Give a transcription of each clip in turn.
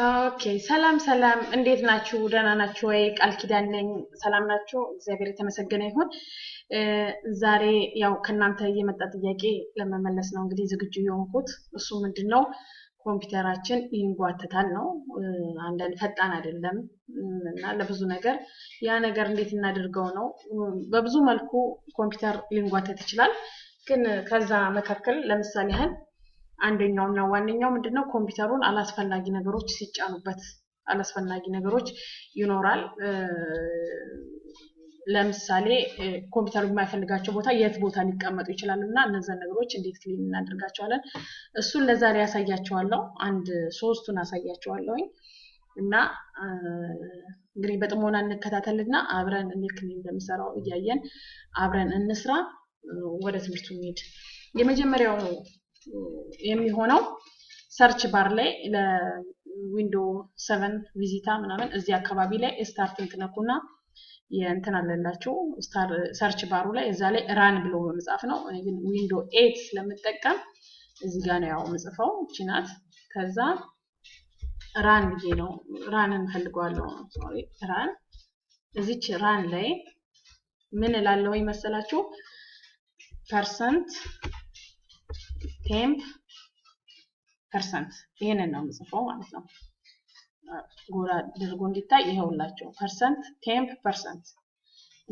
ኦኬ ሰላም ሰላም፣ እንዴት ናችሁ? ደህና ናችሁ ወይ? ቃል ኪዳን ነኝ። ሰላም ናችሁ? እግዚአብሔር የተመሰገነ ይሁን። ዛሬ ያው ከእናንተ የመጣ ጥያቄ ለመመለስ ነው እንግዲህ ዝግጁ የሆንኩት። እሱ ምንድን ነው? ኮምፒውተራችን ይንጓትታል ነው። አንዳንድ ፈጣን አይደለም እና ለብዙ ነገር ያ ነገር እንዴት እናደርገው ነው። በብዙ መልኩ ኮምፒውተር ሊንጓተት ይችላል። ግን ከዛ መካከል ለምሳሌ ያህል አንደኛውና ዋነኛው ምንድነው ኮምፒውተሩን አላስፈላጊ ነገሮች ሲጫኑበት አላስፈላጊ ነገሮች ይኖራል። ለምሳሌ ኮምፒውተሩ የማይፈልጋቸው ቦታ የት ቦታ ሊቀመጡ ይችላሉ እና እነዚያን ነገሮች እንዴት ክሊን እናደርጋቸዋለን እሱን ለዛሬ ያሳያቸዋለሁ። አንድ ሶስቱን አሳያቸዋለሁኝ እና እንግዲህ በጥሞና እንከታተልና አብረን እንዴት ክሊን እንደምሰራው እያየን አብረን እንስራ። ወደ ትምህርቱ እንሄድ የመጀመሪያው የሚሆነው ሰርች ባር ላይ ለዊንዶ ሰቨን ቪዚታ ምናምን እዚህ አካባቢ ላይ ስታርትን ትነኩና የእንትን አለላችሁ ሰርች ባሩ ላይ እዛ ላይ ራን ብሎ በመጻፍ ነው። ግን ዊንዶ ኤት ስለምጠቀም እዚህ ጋ ነው ያው ምጽፈው ችናት። ከዛ ራን ብዬ ነው ራን እንፈልገዋለው። ሶሪ ራን፣ እዚች ራን ላይ ምን እላለሁ ይመሰላችሁ ፐርሰንት ቴን ፐርሰንት ይህንን ነው የምጽፈው ማለት ነው። ጎራ አድርጎ እንዲታይ ይኸውላቸው ፐርሰንት ቴን ፐርሰንት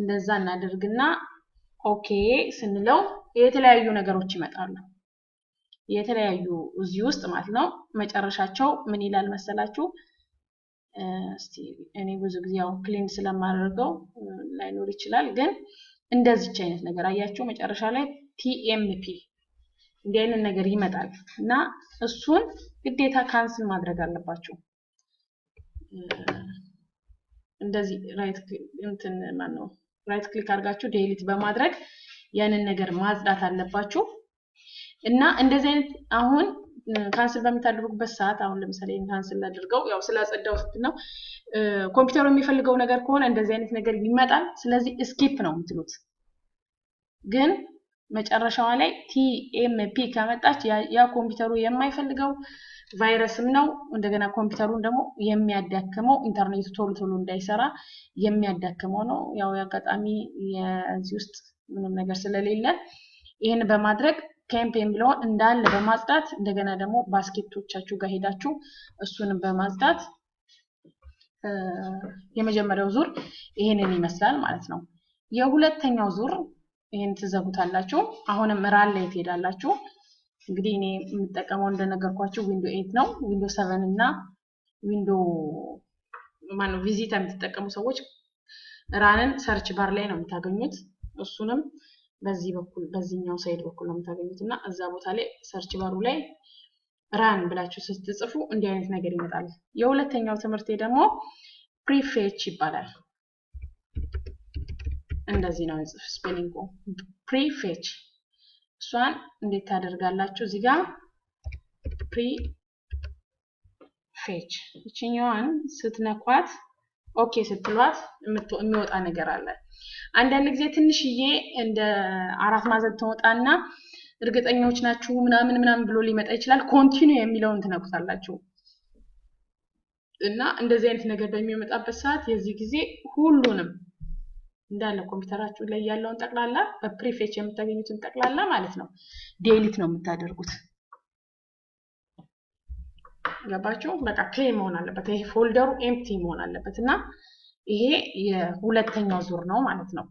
እንደዛ እናደርግና ኦኬ ስንለው የተለያዩ ነገሮች ይመጣሉ። የተለያዩ እዚህ ውስጥ ማለት ነው። መጨረሻቸው ምን ይላል መሰላችሁ? እስቲ እኔ ብዙ ጊዜ ያው ክሊን ስለማደርገው ላይኖር ይችላል፣ ግን እንደዚች አይነት ነገር አያችሁ መጨረሻ ላይ ቲኤምፒ እንዲህ አይነት ነገር ይመጣል እና እሱን ግዴታ ካንስል ማድረግ አለባችሁ። እንደዚህ ራይት እንትን ማን ነው ራይት ክሊክ አድርጋችሁ ዴሊት በማድረግ ያንን ነገር ማጽዳት አለባችሁ እና እንደዚህ አይነት አሁን ካንስል በምታደርጉበት ሰዓት አሁን ለምሳሌ ካንስል ላድርገው ያው ስላጸዳሁት ነው። ኮምፒውተሩ የሚፈልገው ነገር ከሆነ እንደዚህ አይነት ነገር ይመጣል። ስለዚህ ስኪፕ ነው የምትሉት ግን መጨረሻዋ ላይ ቲኤምፒ ከመጣች ያ ኮምፒውተሩ የማይፈልገው ቫይረስም ነው። እንደገና ኮምፒውተሩን ደግሞ የሚያዳክመው ኢንተርኔቱ ቶሎ ቶሎ እንዳይሰራ የሚያዳክመው ነው። ያው የአጋጣሚ የዚህ ውስጥ ምንም ነገር ስለሌለ ይህን በማድረግ ኬምፕ የሚለውን እንዳለ በማጽዳት እንደገና ደግሞ ባስኬቶቻችሁ ጋር ሄዳችሁ እሱንም በማጽዳት የመጀመሪያው ዙር ይህንን ይመስላል ማለት ነው። የሁለተኛው ዙር ይህን ትዘጉታላችሁ። አሁንም ራን ላይ ትሄዳላችሁ። እንግዲህ እኔ የምጠቀመው እንደነገርኳችሁ ዊንዶ ኤት ነው። ዊንዶ ሰቨን እና ዊንዶ ማነው ቪዚታ የምትጠቀሙ ሰዎች ራንን ሰርች ባር ላይ ነው የምታገኙት። እሱንም በዚህ በኩል በዚህኛው ሳይድ በኩል ነው የምታገኙት እና እዛ ቦታ ላይ ሰርች ባሩ ላይ ራን ብላችሁ ስትጽፉ እንዲህ አይነት ነገር ይመጣል። የሁለተኛው ትምህርቴ ደግሞ ፕሪፌች ይባላል። እንደዚህ ነው ስፔሊንጉ። ፕሪፌች እሷን እንዴት ታደርጋላችሁ? እዚህ ጋር ፌች ይችኛዋን ስትነኳት ኦኬ ስትሏት የሚወጣ ነገር አለ። አንዳንድ ጊዜ ትንሽዬ እንደ አራት ማዘብ ትወጣና እርግጠኞች ናችሁ ምናምን ምናምን ብሎ ሊመጣ ይችላል። ኮንቲኒ የሚለውን ትነኩታላችሁ እና እንደዚህ አይነት ነገር በሚመጣበት ሰዓት የዚህ ጊዜ ሁሉንም እንዳለ ኮምፒውተራችሁ ላይ ያለውን ጠቅላላ በፕሪፌች የምታገኙትን ጠቅላላ ማለት ነው ዴሊት ነው የምታደርጉት። ገባችሁ? በቃ ክሌ መሆን አለበት። ይሄ ፎልደሩ ኤምቲ መሆን አለበት እና ይሄ የሁለተኛው ዙር ነው ማለት ነው።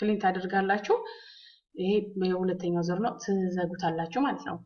ክሊን ታደርጋላችሁ። ይሄ የሁለተኛው ዙር ነው፣ ትዘጉታላችሁ ማለት ነው።